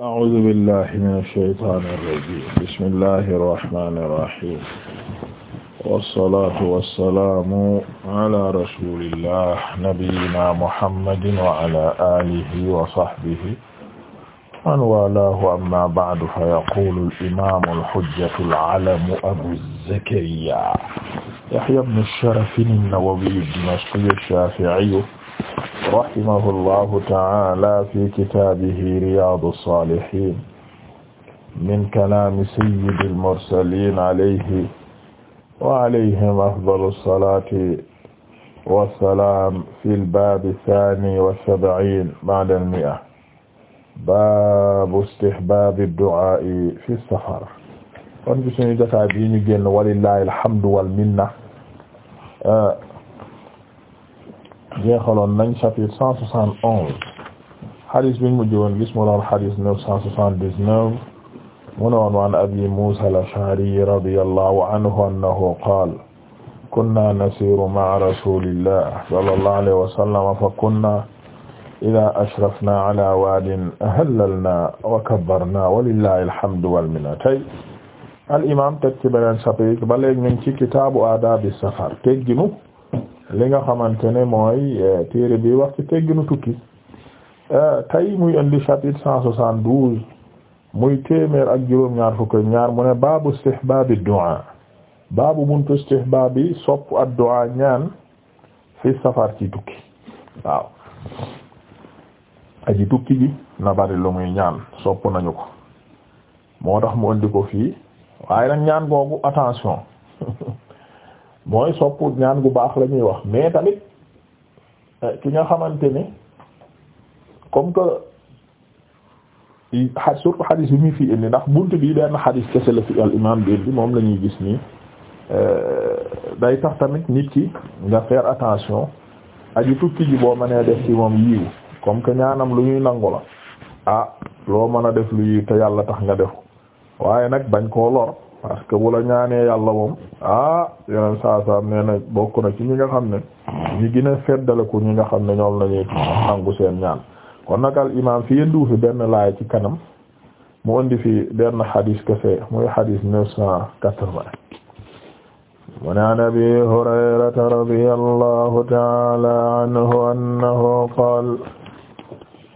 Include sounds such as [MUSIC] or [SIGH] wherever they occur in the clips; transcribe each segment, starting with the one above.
أعوذ بالله من الشيطان الرجيم بسم الله الرحمن الرحيم والصلاة والسلام على رسول الله نبينا محمد وعلى آله وصحبه ومن والاه أما بعد فيقول الإمام الحجة العلم أبو زكريا يحيى بن الشرف النووي الدمشقي الشافعي rahimahullahu ta'ala fi kitaabihi riyaadu saalihiin min kalaami sayyidil mursaliin alayhi wa alayhim afdalu salaati wa salaam fil baabi saani wa sab'iin ba'dal mi'a baabu istihbaabi du'aa'i fi safar. kon bi suñu jotaay bi ñu génn walillaahi alhamdu wal minna. jeexaloon nañ chapitre cent soixante onze xadis biñ mujj woon gis mu doon xadis neuf cent soixante dix neuf mu ne woon waan abi Muusa al-Ash'ari radiyallahu anhu annahu qaal kunna nasiiru ma'a rasulillah sallallahu alayhi wa sallam fa kunna idaa ashrafnaa alaa waadin ahallalnaa wa kabbarnaa walillahi alhamdu wal minna tey al imaam teg ci beneen chapitre ba léegi ñu ngi ci kitaabu aadaabi safar tegginu li nga xamante ne mooy eh, téere bi wax ci tegginu tukki eh, tey muy indi chapitre cent soixante douze muy téeméer ak juróom-ñaar fukk ak ñaar mu ne baabu istihbaabi du'a baabu buntu istihbaabi sopp ad du'a ñaan fi safar ci tukki waaw aji tukki ji na bari lu muy ñaan sopp nañu ko moo tax mu indi ko fii waaye nag ñaan googu attention mooy soppu ñaan gu baax la ñuy wax mais tamit euh, ki nga xamante ni comme que xa surtout xadis bi ñu fi indi ndax bunt bii bi benn xadis kese la fi al imaam bi indi moom la ñuy gis nii euh, day tax tamit nit ki nga faire attention aji tukki ji boo mënee def ci moom yiiw comme que ñaanam lu ñuy nangu la ah loo mën a def lu yiw te yàlla tax nga def waaye nag bañ koo lor. parce que bu la ñaanee yàlla moom ah yeneen saa saa nee na bokk na ci ñi nga xam ne ñi gën a feddaleku ñi nga xam ne ñoom la ñuy nangu seen ñaan kon nag al imaam fi yëndu fi benn laay ci kanam mu indi fi benn xadis kese muy xadis neuf cent quatre-vingt mu ne an abi hurayrata radiyallahu ta'ala anhu annahu qaala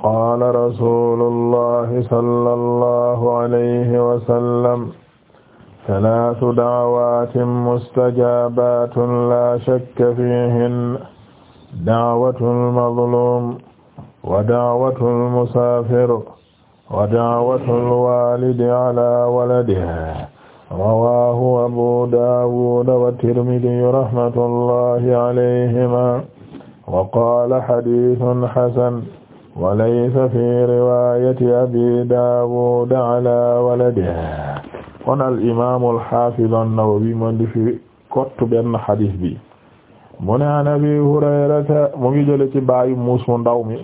qaala rasuulullahi sallallahu alayhi wa sallam salaasu da'awaatin mustajaabatun laa shakka fiihinna da'watul mazluum wa da'watul musaafir wa da'watul waalidi alaa waladihi rawaahu abuu daawuda wa tirmidii rahmatullahi alayhimaa wa qaala hadiisun hasan wa laysa fii riwaayati abii daawuda alaa waladihi kon al imaam al haafiz an-Nawawi mu indi fi kottu benn hadis bi mu an Abi Hurayrata mu ngi jële ci baayu muus mu ndaw mi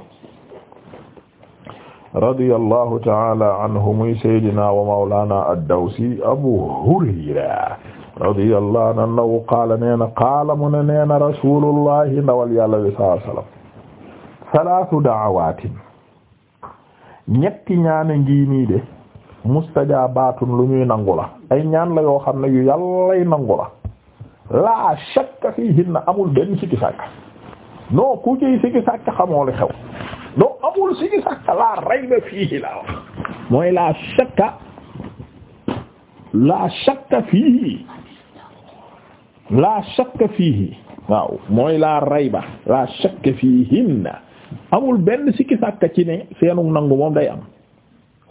radiyallahu ta'ala anhu muy sayyidina wa mawlana ad-Dawsi Abu Hurayra radiyallahu anhu qaala neena qaala mu ne neena rasulullahi ndawal yàlla bi sallallahu alayhi wasallam salaatu da'awaatin ñetti ñaana ngi de mustajaabaatun lu ñuy nangu la ay ñaan la yoo xam ne yu yàllay nangu la laa shakka fiihinna amul benn sikki sàkk non ku ciy sikki sàkk xamoo li xew non amul sikki sàkk laa rayba fiihi laa wax mooy laa shakka laa shakka fiihi laa shakka fiihi waaw mooy laa rayba laa shakka fiihinna amul benn sikki sàkk ci ne seenu nangu moom day am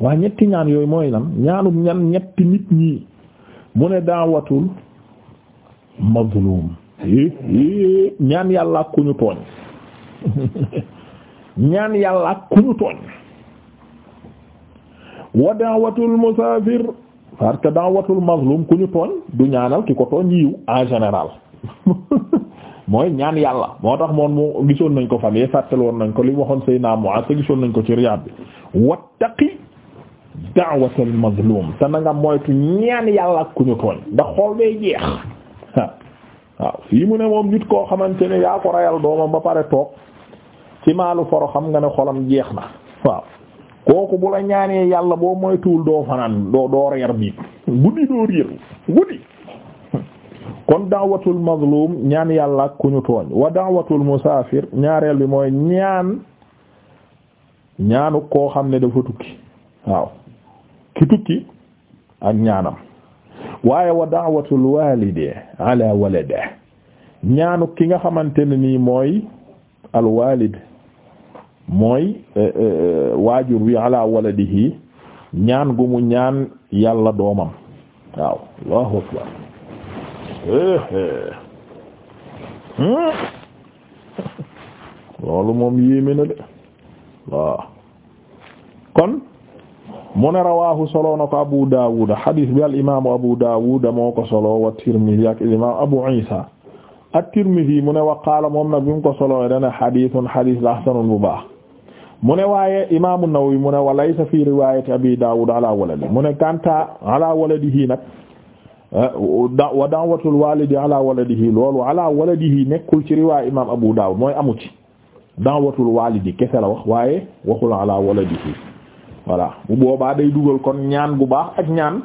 waaye ñetti ñaan yooyu mooy lan ñaanu ñan ñetti nit ñi mu ne daawatul mazlum ñaan yàlla ak ku ñu tooñ [LAUGHS] ñaan yàlla ak ku ñu tooñ wa daawatul musaafir parce que daawatul mazlum ku ñu tooñ du ñaanal ki ko tooñ yiw en général [LAUGHS] mooy ñaan yàlla moo tax moom mu gisoon nañ ko fan yee fàttal woon nañ ko li waxoon Seydina Mu'aaz gisoon nañ ko ci Riyaad bi wattaqi da'watul mazlum te na nga moytu ñaan yàlla ak ku ñu tooñ ndax xool day jeex waaw fii mu ne moom nit koo xamante ne yaa ko rayal doomam ba pare toog ci maalu foro xam nga ne xolam jeex na waaw kooku bu la ñaanee yàlla boo moytuwul doo fanaan doo reer biit guddi doo riir guddi kon da'watul mazlum ñaan yàlla ak ku tooñ wa da'watul musaafir ñaareel bi mooy ñaan ñaanu koo xam ne dafa tukki waaw ki tukki ak ñaanam waaye wa da'watul walide ala walade ñaanu ki nga xamante ne nii mooy al mooy eh, eh, waajur wi ala waladihi ñaan gu mu ñaan yàlla doomam waaw allahu akbar eh, hmm? [LAUGHS] loolu moom yéeme de waaw kon mu ne rawaahu solo na ko Abu Dawud hadis bi al imaamu Abu Dawud moo ko solo wa Tirmidhi ak imaam Abu Isa at-Tirmidhi mu wa qaala moom nag bi ko solo dana hadisun hadis la hasanun bu baax mu ne waaye imaamu Nawawi mu ne wa laysa fi riwaayati Abi Dawud ala waladi mu ne kanta ala waladihi nag wa da'watul walidi ala waladihi loolu ala waladihi ci riwaay imaam Abu Dawud mooy amu ci da'watul walidi kese la wax waaye waxul ala waladihi voilà bu boobaa day dugal kon ñaan gu baax ak ñaan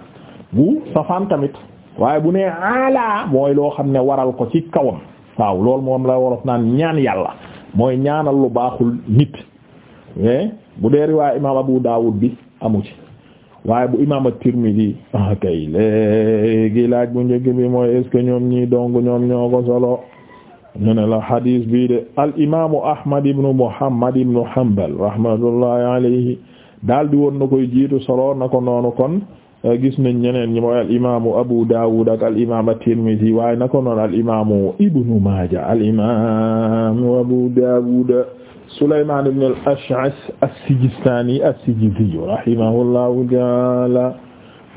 bu safaan tamit waaye bu nee ala mooy loo xam ne waral ko ci kawam waaw loolu moom la wolof naan ñaan yàlla mooy ñaanal lu baaxul nit bu dee riwaay imaam Abu Dawud bi amu ci waaye bu imaam at-Tirmidhi ah kay léegi laaj bu njëkk bi mooy est ce que ñoom ñii dong ñoom ñoo ko solo ñu la hadis bii de al imaamu Ahmad ibn Muhammad ibn Hanbal rahmatullahi alayhi daal di woon na koy jiitu solo na ko noonu kon eh, gis nañ ñeneen ñi mooy al imaamu Abu Dawud ak al imaam at-Tirmidhi waaye na ko noonu al imaamu Ibnu Maaja al imaamu Abu Dawud Sulaymaan ibn al-Ash'as as-Sijistani as-Sijizi rahimahullahu ta'ala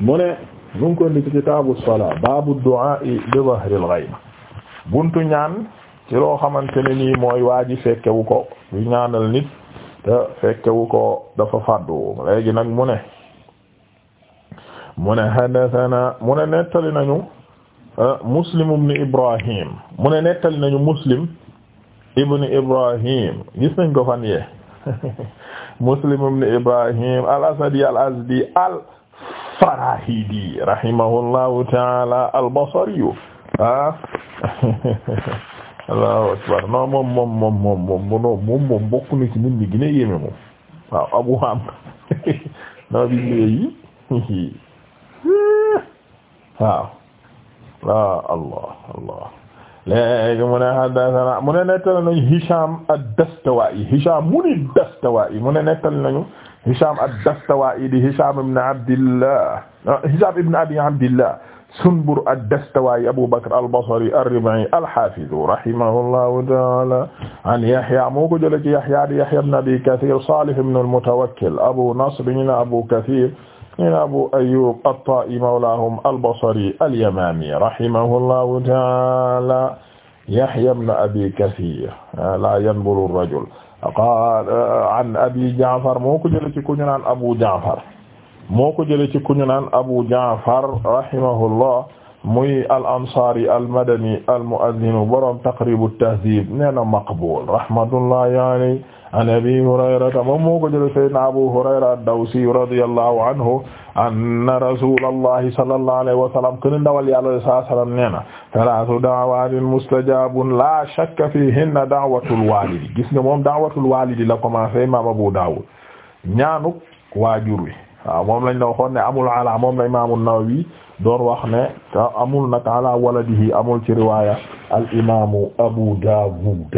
mu ne mu ngi ko indi ci kitaabu salaa baabu du'aa bi zahril ghaib buntu ñaan ci loo xamante ne nii mooy waa ji fekkewu ko ñu ñaanal nit. te fekkewu ko dafa fàddu léegi nag mu ne mu ne hadathana mu ne nettali nañu eh, muslim ibn ibrahim mu ne nettali nañu muslim ibn ibrahim gis nañ ko fan yee [LAUGHS] muslim ibn ibrahim al asadi al azdi al farahidi rahimahullahu taala al basariyu ah [LAUGHS] Allahu akbar non moom moom moom moom moom moom bokk na ci nit ñi gën a moom waaw Abu Hamza [LAUGHS] non bi léegi [LAUGHS] waaw waaw Allah Allah léegi mu ne haddathana mu ne nettali nañu Hisham ad-Dastawaa'i Hisham mu ni Dastawaa'i mu ne nettali nañu Hisham ad-Dastawaa'i di Hisham ibn Abdillah ah, Hisham ibn Abi Abdillah Sunbur ad-Dastuwaayi Abu Bakr al-Basri ar-Riba'i al-Hafiz rahimahullahu ta'ala an Yahya moo ko jëlee ci Yahya di Yahya ibn Abi Kathir Salih ibn al-Mutawakkil Abu Nasr ñu naan Abu Kathir ñu naan Abu Ayyub at-Ta'i mawlahum al-Basri al-Yamami rahimahullahu ta'ala Yahya ibn Abi Kathir la yanbulu ar-rajul qala an Abi Ja'far moo ko jëlee ci ku ñu naan Abu Ja'far moo ko jëlee ci ku ñu naan Abu Ja'far rahimahullah muy al ansari al madani al mu'adhdhin borom taqrib at-tahdhib nee na maqbul rahmatullahi alayhi an abi hurayrata moom moo ko jëlee sayyidina Abu Hurayra ad-Dawsi radiyallahu anhu anna rasulallahi sallallahu alayhi wa sallam kene ndawal yàlla saa sallam nee na talaasu da'awaatin mustajabun la shakka fihinna da'watul walidi gis nga moom da'watul walidi la commencé imam Abu Dawud ñaanuk waajur wi waaw moom lañ la waxoon ne amul ala moom la imaamu Nawawi doon wax ne te amul nag ala waladihi amul ci riwaaya al imaamu Abu Dawud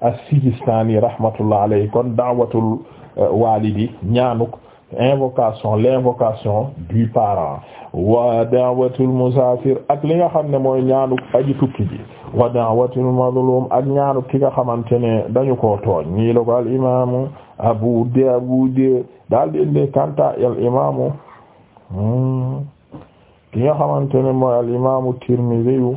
as-Sijistani rahmatullah alayhi kon da'watul eh, walidi ñaanuk invocation l'invocation du ak li nga xam ne mooy ñaanu aji tukki ji wa mazlum ak ñaanu ki nga xamante ne dañu ko tooñ ñii al imamu abu de daal di indi kanta al imamu ki nga xamante ne mooy al imamu tirmidhi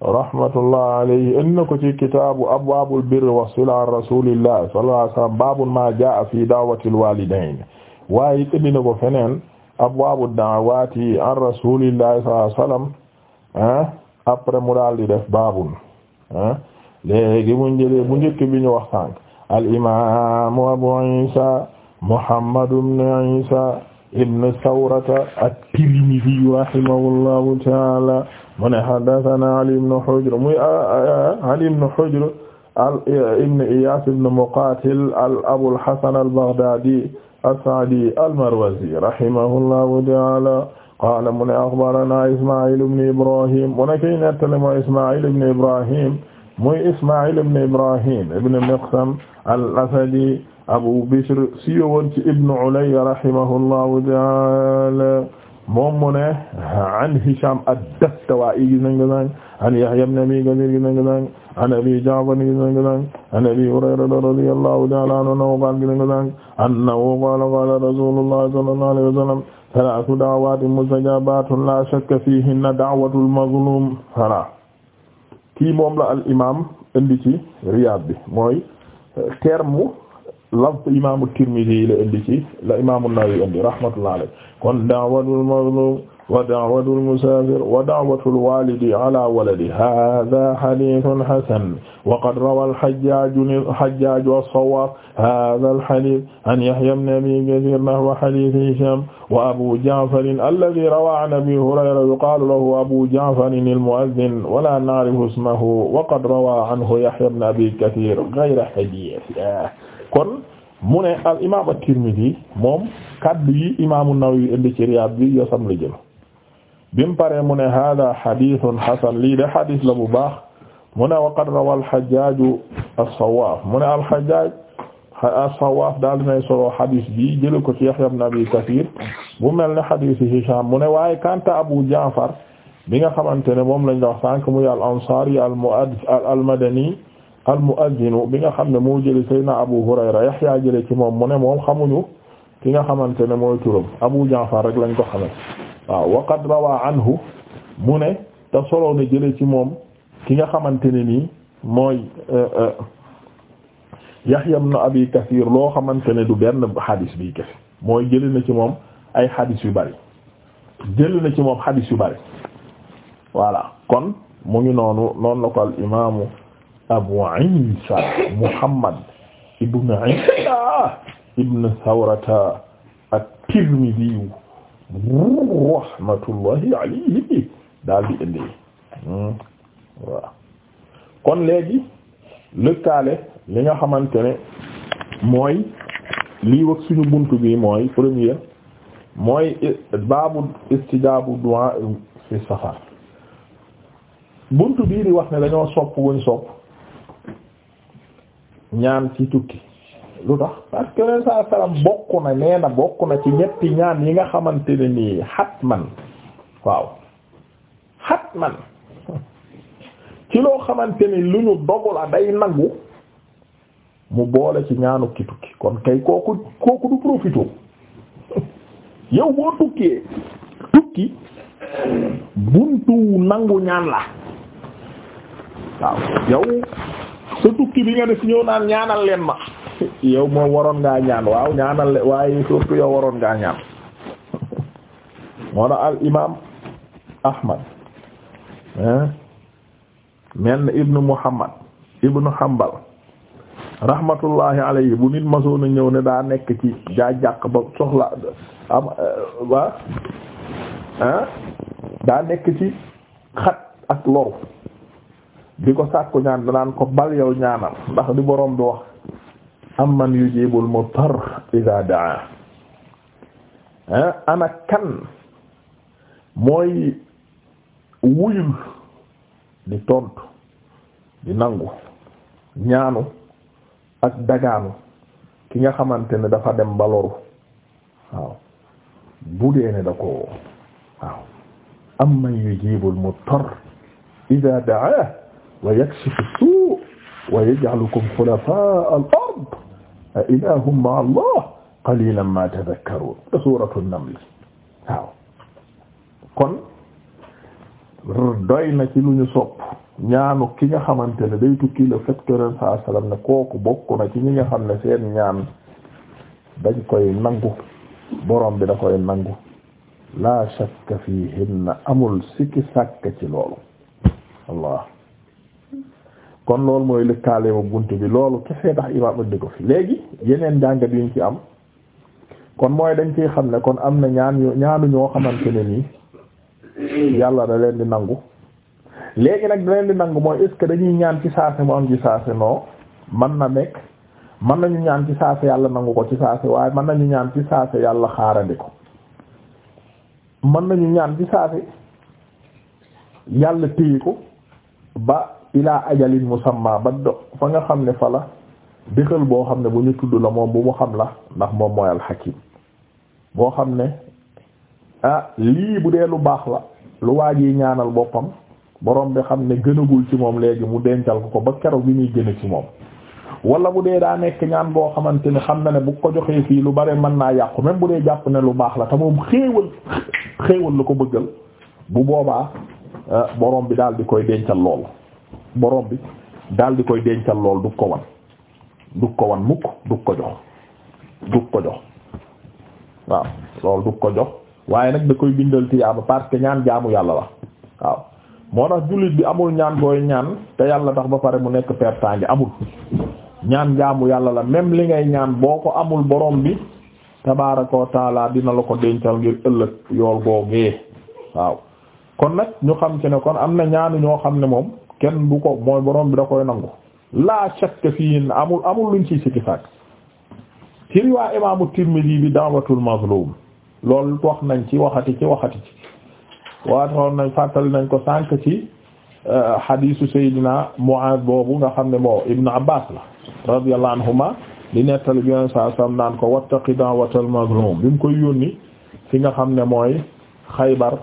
rahmatullah alayhi inna ko ci kitaabu abwaabul birri was sila an rasulillahi sallallahu alayhi wasallam jaa fi da'watil walidayn waaye it dina ko feneen abwaabu da'awaati an rasuulillahi sallallahu alayhi ah, après mu daal di def baabun ah léegi mu njëlee bu njëkk bi ñu wax sànq al imaamu abu isa muhammad ibn isa ibn sawrata at-tirmidhi rahimahullahu ta'ala mu ne haddathana ali ibn hujr muy ah, ah, ali ibn hujr al ibn al hasan al baghdadi as-Sa'di al-Marwazi rahimahullahu ta'ala qaala mu ne axbarana Isma'il ibn Ibrahim mu ne kii nettali mooy Isma'il ibn Ibrahim muy Isma'il ibn Ibrahim ibn Miqsam al-Asadi Abu Bishr siiw woon ci Ibn Ulayya rahimahullahu ta'ala moom mu ne an Hisham ad-Dastuwaa'i gis nañ ko an Yahya ibn Abi Kathir gis nañ ko an abi Ja'far gis nga an abi Hurayra radiyallahu ta'ala anhu qaala gis nga annahu qaala qaala rasulullah sallallahu alayhi wa sallam salaasu da'awaatin mustajabatun la shakka fihinna da'watul mazlum voilà kii moom la al imaam indi ci Riyad bi mooy terme lafz imaamu Tirmidhi la indi ci la imaamu Nawawi indi rahmatullahi alayhi kon da'watul mazlum wa da'watul musaafir wa da'watul waalidi ala waladi haaza hadiisun hasan wa qad rawal hajjaaj was-sawwaaf haazal hadiis an Yahyaa ibn Abii Kasiir nahwa hadiisi Hishaam wa Abuu Ja'far allazii rawaa an Abii Hurayra yuqaalu lahu Abuu Ja'far al-mu'azzin wa laa na'rifu ismahu wa qad rawaa anhu Yahyaa ibn Abii Kasiir ghayra hadiis kon mu ne al imaam at-Tirmidhi moom kaddu yi imaamu Nawawi indi ci Riyaad bi yosam la jël bim pare mu ne hada hadithun hasan lii de hadith la bu baax mu ne waqad rawa al-Hajjaj as-Sawwaf mu ne al-Hajjaj as-Sawwaf daal dinay solo hadith bi jële ko ci Yahya ibn Abi Kathir bu mel ne hadith Hisham mu ne waaye kanta Abu Ja'far bi nga xamante ne moom lañ la wax sànq muy al-Ansari al-Madani al-Mu'adhdhin bi nga xam ne moo jële Seydina Abu Hurayra Yahya jële ci moom mu ne moom xamuñu ki nga xamante ne mooy turam Abu Ja'far rek lañ ko xamee waaw waqad rawa anhu mu ne te solo jële ci moom ki nga xamante ne nii mooy euh, euh, Yahya ibn Abi Kathir loo xamante ne du benn xadis bi kese mooy jële na ci moom ay xadis yu bari jële na ci moom xadis yu bari voilà kon mu ngi noonu noonu la ko al imaamu Abu Isa Muhammad ibn Isa ibn Thawrata at-Tirmidhi rahmatullahi alayhi daal di indi waaw kon léegi lëkkaale li nga xamante ne mooy lii wax suñu bunt bi mooy première mooy baabu istijaabu du'a fi safar buntu bii di wax ne dañoo sopp wuñ sopp ñaan ci tukki lu tax parce que leen saa salaam bokk na nee na bokk na ci ñetti ñaan yi nga xamante ne nii xat man waaw xat man [LAUGHS] ci loo xamante ni lu ñu dogu la day nangu mu boole ci ñaanu ki tukki kon kay kooku kooku du profité [LAUGHS] yow boo tukkee tukki buntu nangu ñaan la waaw yow sa tukki bi nga def ñëw naan ñaanal leen ma yow moo waroon ngaa ñaan waaw ñaanal waaye surtout yow waroon ngaa ñaan moo na al imaam Ahmad menn ibnu Muhammad ibnu Hanbal rahmatullahi alayhi bu nit masoon ñëw ne daa nekk ci daa jàq ba soxla am daa nekk ci xat ak loru di ko sàkku ñaan danaan ko bal yow ñaanal ndax di boroom bi wax amman yujibul mudtar idha daa ah, ana kan mooy wuyul di tontu di nangu ñaanu ak dagaanu ki nga xamante ne dafa dem ba loru waaw bu dee da ko waaw amman yujibul mudtar idha daa wa yakshifu suu wa yaj'alukum xulafaa al-ard a ilaahun ma'a Allah qalilan ma tadhakkarun te suuratu naml waaw kon doy na ci lu ñu sopp ñaanu ki nga xamante ne day tukki le fait que ren saa salaam ne kooku bokk na ci ñi nga xam ne seen ñaan dañ koy nangu borom bi da koy nangu la shakka fiihinna amul sikki sàkk ci loolu Allah kon loolu mooy lëkkaale ma bunt bi loolu kese tax imaam ëndi ko fi léegi yeneen jàngat ñu ci am kon mooy dañ ciy xam ne kon am na ñaan ñaanu ñoo xamante ne nii yàlla da leen di nangu léegi nag da leen di nangu mooy est-ce que dañuy ñaan ci saase mu am ci saase non man na nekk mën nañu ñaan ci saase yàlla nangu ko ci saase waaye mën nañu ñaan ci saase yàlla xaarandi ko nañu ñaan ci yàlla téye ko ba. ilaa ajalin musamma ba do fa nga xam ne fa la dëxal boo xam ne bu ñu tudd la moom bu mu xam la ndax moom mooy alxakim boo xam ne ah lii bu dee lu baax la lu waaj yi ñaanal boppam borom bi xam ne gënagul ci moom léegi mu dencal ko ba keroog bi muy gën ci moom wala bu dee daa nekk ñaan boo xamante ne xam na ne bu ko joxee fii lu bare mën naa yàqu même bu dee jàpp ne lu baax la te moom xéewal xéewal la ko bëggal bu boobaa ah, borom bi daal di koy dencal loolu boroom bi daal di koy dencal lool dug ko wan du ko wan mukk dug ko jox dug ko jox waaw lool du ko jox waaye nag da koy bindal tiyaaba parce que ñaan jaamu yàlla la waaw moo tax jullit bi amul ñaan gooy ñaan te yàlla tax ba pare mu nekk pertange amul ñaan jaamu yàlla la même li ngay ñaan boo ko amul boroom bi tabaaraka wa dina la ko dencal ngir ëllëg yool googee waaw kon nag ñu xam ci ne kon am na ñaanu ñoo xam ne moom kenn bu ko mooy borom bi da koy nangu laa shakka fiihin amul amul luñ ciy sikki sàkk ci riwaa imaamu Tirmidhi bi da'watul mazlum lool wax nañ ci waxati ci waxati ci waxoon nañ fàttali nañ ko sànq ci euh, hadiisu Seydina Mu'aaz boobu nga xam ne moo Ibn Abbaas la radiyallahu anhuma di nettali bi yoon saa sam naan ko wattaqi da'watal mazlum bi mu koy yónni fi nga xam ne mooy Xaybar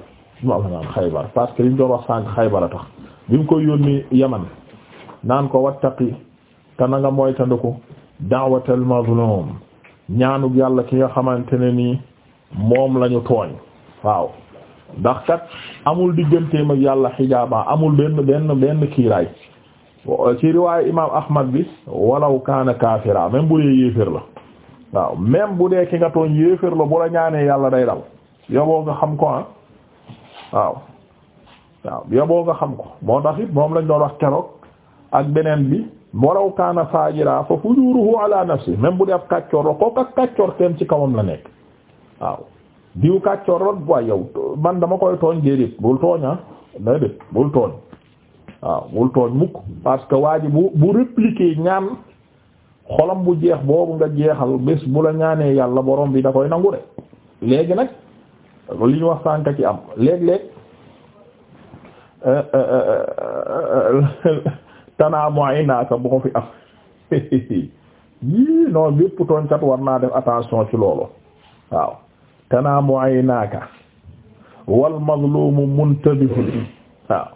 mu am naan Xaybar parce que li ñu doon wax sànq Xaybar a tax bi mu koy yónni yaman naan ko wattaqi te na nga moytandiku da'watal mazlum ñaanug yàlla ki nga xamante ne nii moom lañu tooñ waaw ndax kat amul digganteem ak yàlla xijaaba amul benn benn kiiraay ci riwaayu imaam ahmad bi walaw kaana kaafira même bu dee yéeféer la waaw même bu dee ki nga tooñ yéeféer la bu la ñaanee yàlla day dal yoboo nga xam ko ah waaw waaw bien boo nga xam ko moo tax it moom lañ doon wax keroog ak beneen bi walaw kaana faajira fa fujuruhu ala nafsi même bu dee ab kàccoor la kooku ak kàccoor ci kawam la nekk waaw diw kàccoor la waaye yow man dama koy tooñ déedéet bul tooñ ah déedéet bul tooñ waaw bul tooñ mukk parce que waa ji bu bu répliquer ñaan xolam bu jeex boobu nga jeexal bés bu la ñaanee yàlla boroom bi da koy nangu de léegi nag li ñu wax sànka ci am léeg-léeg tanaamu ay naaka bu ko fi am [LAUGHS] yii non bépp tooñkat war naa def attention ci loolu waaw tanaamu ay naaka wal mazlumu muntadifun waaw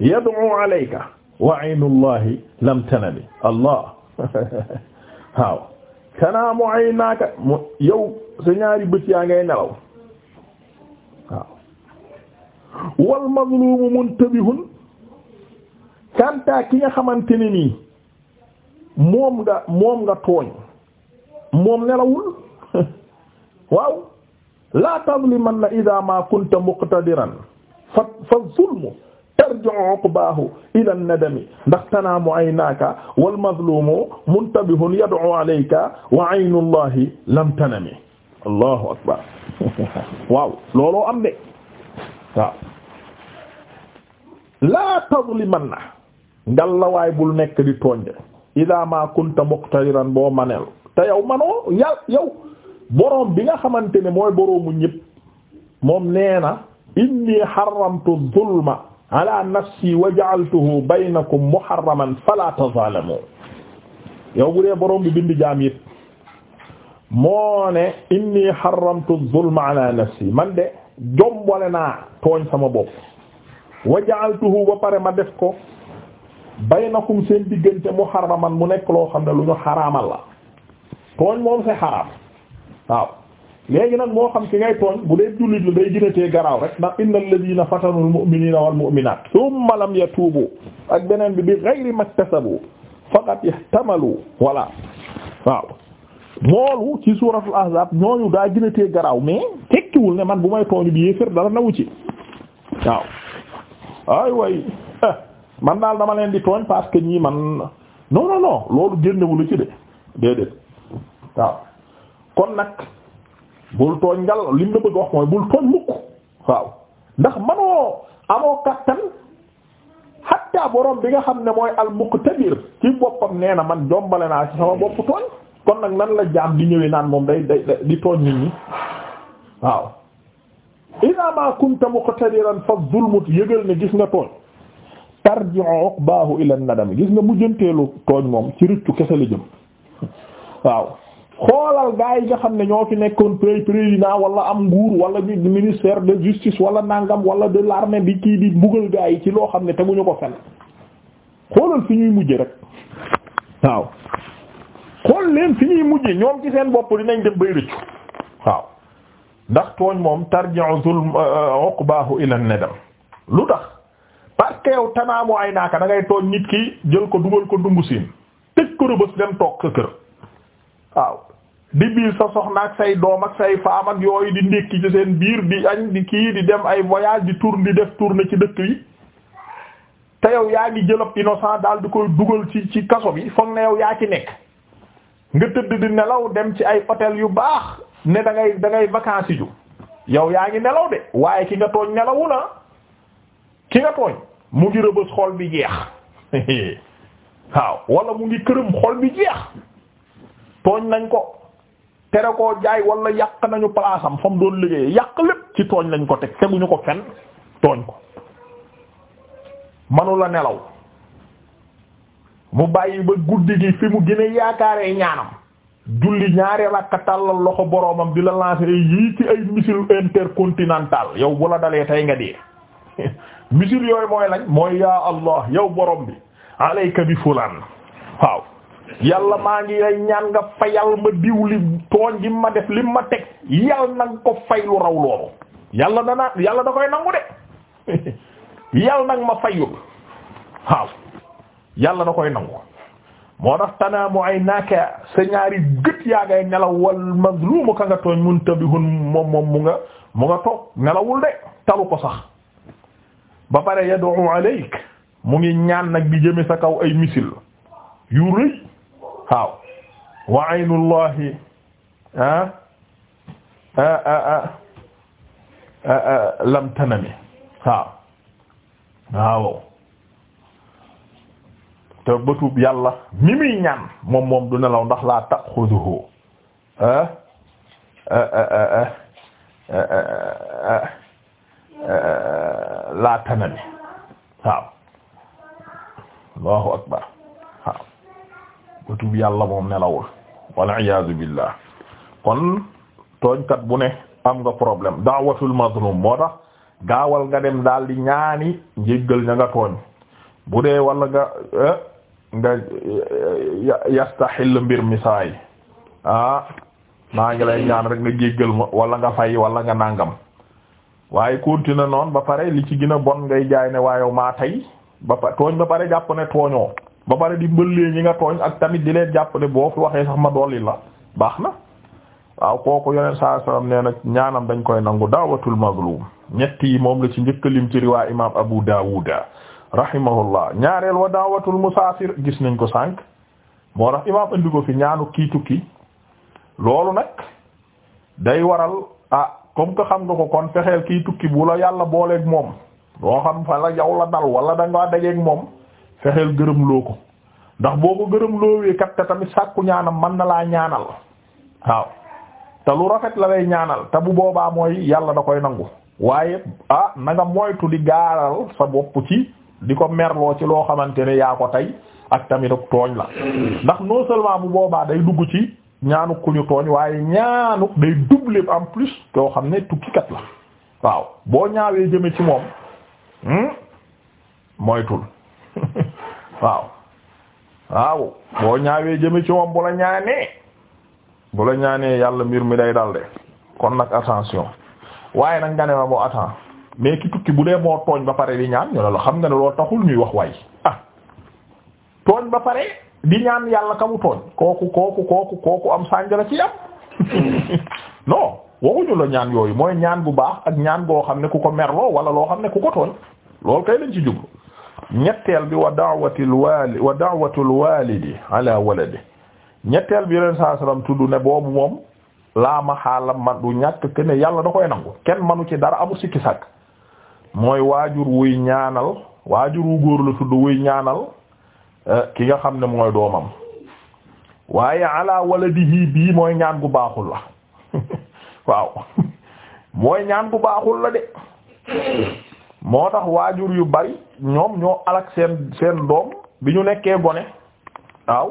yad'u alayka wa aynullahi lam tanami allah [LAUGHS] waaw tanaamu ay naaka mu yow sa ñaari bët yaa ngay nelaw waaw wal mazlumu muntabihun kanta ki nga xamante ne nii moom nga moom nga tooñ moom nelawul [LAUGHS] waaw la tazlimanna idha ma kunta muqtadiran fa fa zulmu tarji'u uqbahu ila an-nadami ndax tanaamu aynaka wal mazlumu muntabihun yad'u alayka wa aynu allahi lam tanami allahu akbar [LAUGHS] waaw looloo am de waaw laa tazlimanna ngal la waay bul nekk di tooñ de idaa maa kunta muqtadiran boo maneel te yow manoo yàlla yow boroom bi nga xamante ne mooy boroomu ñépp moom nee na inni xaramtu zulma ala nafsi wa ja'altuhu baynakum muharraman fala tazalamu yow bu dee boroom bi bind jaam yépp moo ne inni xaramtu zulma ala nafsi man de jombale naa tooñ sama bopp wa ja'altuhu ba pare ma def ko baynakum seen diggante mu man mu nekk loo xam ne lu ñu xaraamal la tooñ moom c'est xaraam waaw léegi nag moo xam ki ngay tooñ bu dee jullit la day gënatee garaaw rek ndax innal ladina fatanul mu'minina wal mu'minat thumma ak beneen bi bi ghayri maktasabu faqad ihtamalu voilà waaw loolu ci suuratul ahzab ñooñu daa gën a tee garaaw mais tekkiwul ne man bu may tooñ bi yéefér dara nawu ci waaw ay way eh, man daal dama leen di tooñ parce ñii man non non non loolu génnewulu ci de déedéet waaw kon nag bul tooñ ngal lim la bëgg wax mooy bul tooñ mukk waaw ndax manoo amoo kattan hatta borom bi nga xam ne mooy al muqtadir ci boppam nee na man jombale naa ci sama bopp tooñ kon nag nan la jaam di ñëwee naan moom day day di tooñ nit ñi waaw ida ma kunta muqtadiran fa zulmut yëgal ne gis nga tooñ tarji'u uqbahu ila nadam gis nga mujjanteelu tooñ moom ci rëccu kese la jëm waaw xoolal gaa yi nga xam ne ñoo fi nekkoon pré président wala am nguur wala bi ministère de justice wala nàngam wala de l'armée bi kii di mbugal gaa yi ci loo xam ne teguñu ko fenn xoolal fi ñuy mujje rek waaw xool leen fi ñuy mujj ñoom ci seen bopp dinañ def bay rëccu waaw ndax tooñ moom tarji'u baaxu uh, uqbahu ila nadam lu tax parce que yow tanaamu ay naaka da ngay tooñ nit ki jël ko dugal ko dungu siin tëj ko rëbës dem toog sa kër waaw di biir sa soxna ak say doom ak say faam ak yooyu di ndékki seen biir di añ di kii di dem ay voyage di tourne di def tourne ci dëkk yi te yow yaa ngi jëlab innocent daal di koy dugal ci ci kaso bi foog na yow yaa ci nekk nga tëdd di nelaw dem ci ay hôtel yu baax ne da dangay da ngay vacances yow yaa ngi nelaw de waaye ki nga tooñ nelawu la ah. ki nga tooñ mu ngi rëbës xol bi jeex [LAUGHS] waaw wala mu ngi këram xool bi jeex tooñ nañ ko tere koo jaay wala yàq nañu place am fa doon liggéeyee yàq lépp ci tooñ lañ ko teg teguñu ko fen tooñ ko manu la nelaw. mu bàyyi ba guddi gi fi mu gën a yaakaaree ñaanam julli ñaari rakka tàllal loxo boroomam di la lancer yii ci ay missile intercontinental yow bu la dalee tey nga dee [LAUGHS] missile yooyu mooy lañ mooy yaa allah yow borom bi alayka bi fulaan waaw yàlla maa ngi lay ñaan nga fayal ma diw tooñ gi ma def li ma teg yàlla nag ko fay lu raw loolu yàlla dana yàlla da koy nangu de [LAUGHS] yàlla nag ma fayul waaw yàlla da koy nangu moo tax tanaamu ay naaka sa ñaari gët yaa ngay wal mazlumu ka nga tooñ muntabihun moom moom mu nga mu nga toog nelawul de talu ko sax ba pare yad'u alayk mu ngi ñaan nag bi jëme sa kaw ay misil yu rëy waaw wa aynullahi ah, ah, ah, ah lam tanami waaw waaw te bëtub yàlla mi muy ñaan moom moom du nelaw ndax laa taxuduhu eh? Eh, eh, laa tanami waaw allahu akbar waaw bëtub yàlla moom nelawul wal iyaazu billah kon tooñkat bu ne am nga problème da'watul mazlum moo tax gaawal nga dem daal di ñaani njéggal ña nga tooñ bu dee wala nga nga yastaxil mbir mi saay ah maa ngi lay ñaan rek nga jéggal ma wala nga fay wala nga nàngam waaye continuer noonu ba pare li ci gën a bon ngay jaay ne waaye maa tey ba pare tooñ ba pare jàpp ne tooñoo ba pare di mbëllee ñi nga tooñ ak tamit di leen jàpp ne boo fi waxee sax ma dolli la baax na waaw kooku yoneen saa sallam nee na ñaanam dañ koy nangu daawatul mazlum ñett yi moom la ci njëkkalim ci riwaa imaam Abu Daawuda rahimahullah ñaareel wa daawatul musaafir gis nañ ko sànq moo tax imaam andi ko fi ñaanu kii tukki loolu nag day waral ah comme que xam nga ko kon fexeel kii tukki bu la yàlla booleeg moom loo xam fa la yow la dal wala da ngaa moom fexeel gërëm loo ko ndax boo ko gërëm loowee kat te tamit sàkku ñaanam mën na laa ñaanal waaw te lu rafet la lay ñaanal te bu boobaa mooy yàlla da koy nangu waaye ah na moytu di gaaral sa bopp ci. di ko merloo ci loo xamante ne yaa ko tey ak tamit ak tooñ la ndax non seulement bu boobaa day dugg ci ñaanuk ku ñu tooñ waaye ñaanuk day doubler en plus yoo xam ne tukkikat la waaw boo ñaawee jëme ci moom hmm, moytul [LAUGHS] waaw waaw boo ñaawee jëme ci moom bu la ñaanee bu la ñaanee yàlla mbir mi day dal de kon nag attention waaye nag nga ne ma boo attends mais ki tukki bu dee moo tooñ ba pare di ñaan ñu ne la xam nga ne loolu taxul ñuy wax waay ah tooñ ba pare di ñaan yàlla ka tooñ kooku kooku kooku kooku am sànjara ci yam [LAUGHS] non waxuñu la ñaan yooyu mooy ñaan bu baax ak ñaan boo xam ne ku ko merloo wala loo xam ne ku ko tooñ loolu kay lañ ci jublu ñetteel bi wa da'watul wali wa da'watul walidi ala waladi ñetteel bi yeneen saa salaam tudd ne boobu moom laa ma xaalam man du ñàkk que ne yàlla da koy nangu kenn manu ci dara amul sikki sàkk mooy waajur wuy ñaanal waajur wu góor la tudd wuy ñaanal eh, ki nga xam ne mooy doomam waaye ala waladihi bii mooy ñaan gu baaxul la [LAUGHS] waaw [LAUGHS] mooy ñaan gu baaxul la de moo tax waajur yu bari ñoom ñoo alak seen seen doom bi ñu nekkee gone waaw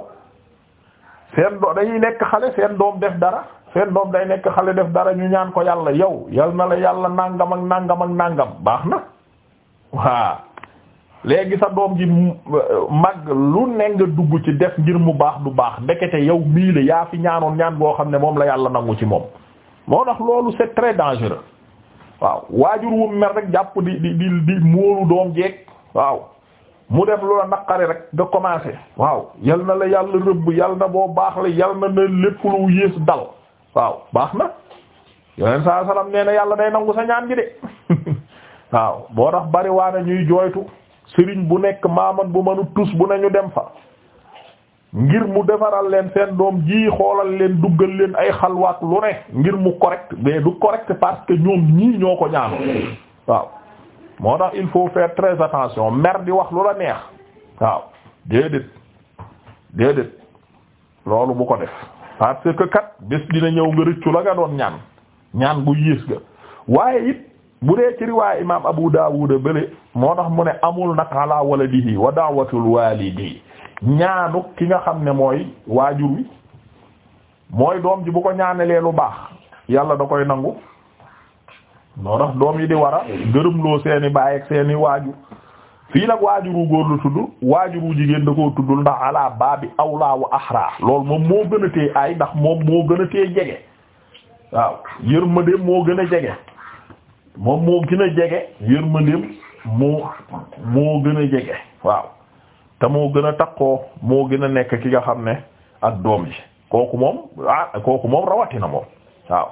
seen doom dañuy nekk xale seen doom def dara seen doom day nekk xale def dara ñu ñaan ko yàlla yow yal na la yàlla nàngam ak nàngam ak nàngam baax na waa léegi sa doom ji mag lu ne dugg ci def ngir mu baax du baax ndekete yow mii la yaa fi ñaanoon ñaan boo xam ne moom la yàlla nangu ci moom moo tax loolu c'est très dangereux waaw waajur wu mer rek jàpp di di di di doom jeeg waaw mu def lu la naqari rek nga commencé waaw yal na la yàlla rëbb yal na boo baax la yàlla na na lépp lu yées dal waaw baax na yoneen saa salaam nee na yàlla day nangu sa ñaan gi de [LAUGHS] waaw boo tax bari waana ñuy jooytu sëriñ bu nekk maaman bu mënu tus bu nañu dem fa ngir mu defaral leen seen doom ji xoolal leen duggal leen ay xalwaat lu ne ngir mu correct mais du correct parce que ñoom ñii ñoo ko ñaanoo waaw moo tax il faut faire très attention mer di wax lu la neex waaw déedéet déedéet loolu bu ko def parce que kat bés dina ñëw nga rëccu la nga doon ñaan ñaan bu yées ga waaye it bu dee ci riwaaya imaam Abu Daawuda bële moo tax mu ne amul nag ala waladihi wa da'watul walidi ñaanu ki nga xam ne mooy waajur wi mooy doom ji bu ko ñaanalee lu baax yàlla da koy nangu moo tax doom yi di war gërëmloo seeni baay ak seeni waajur fii nag waajuru góor lu tudd waajuru jigéen da koo tuddul ndax ala baabi awlaa wa axraa lool moom moo gën a tee ay ndax moom moo gën a tee jege waaw yërmandeem moo gën a jege moom moo gën a jege yërmandeem moo moo gën a jege waaw te moo gën a takkoo moo gën a nekk ki nga xam ne ak doom yi kooku moom ah kooku moom rawatina moom waaw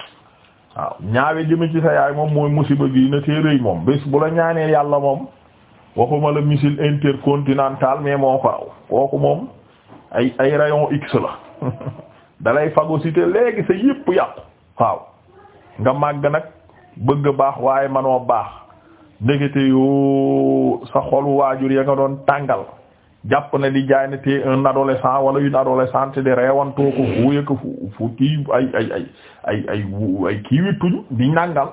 waaw ñaawe jëme ci sa yaay moom mooy musiba gi na tee rëy moom bés bu la ñaanee yàlla moom waxuma la missile intercontinental mais moo ko raw kooku moom ay ay rayon X la [LAUGHS] dalay phagocyté léegi sa yépp yàqu waaw nga màgg nag bëgg baax waaye manoo baax ndekete yoo sa xolu waajur yee nga doon tàngal jàpp na di jaay ne te un adolescent wala une adolescente di reewantoo ko fuu yëkk fu fu kii ay ay ay ay ay tuñ di nàngal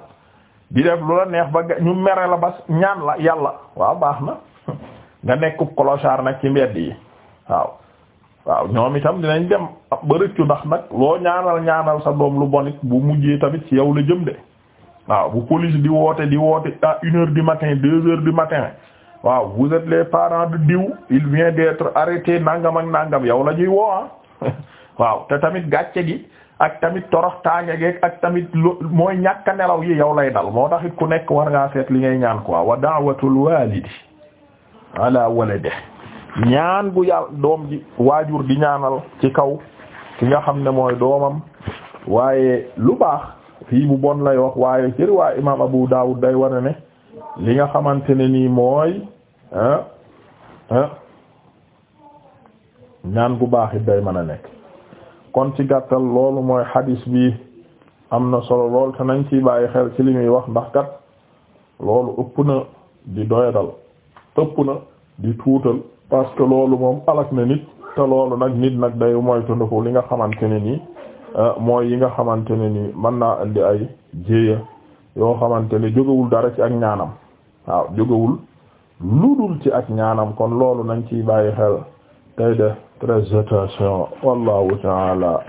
di def lu la neex ba ñu mere la ba ñaan la yàlla waaw baax na nga nekkub clochard nag ci mbedd yi waaw waaw ñoom itam dinañ dem ba rëccu ndax nag loo ñaanal ñaanal sa doom lu bonit bu mujjee tamit ci yow la jëm de waaw bu police di woote di woote à une heure du matin deux heures du matin waaw vous êtes les parents de diw il vient d'être arrêté nangam ak nangam yow la ñuy woo ah [LAUGHS] waaw te tamit gàcce gi ak tamit torox taange geeg ak tamit lu mooy ñàkk nelaw yi yow lay dal moo tax ku nekk war ngaa seet li ngay ñaan quoi wa daawatul walidi ala walade ñaan gu yàlla doom ji waajur di ñaanal ci kaw ki nga xam ne mooy doomam waaye lu baax fii bu bon lay wax waaye ci riwaa imam Abu Dawud day wane ne li nga xamante ne nii mooy ah ah ñaan gu baax it day mën a nekk kon ci gàttal loolu mooy hadis bi am na solo lool te nañ ci bàyyi xel ci li muy wax ndax kat loolu ëpp na di doyadal ëpp na di tuutal parce que loolu moom alak na nit te loolu nag nit nag day moytandiku li nga xamante ne nii euh, mooy yi nga xamante ne nii mën naa indi ay jéeya yoo xamante ne jógewul dara ci ak ñaanam waaw jógewul ludul ci ak ñaanam kon loolu nañ ci bàyyi xel tey de très attention wallahu taala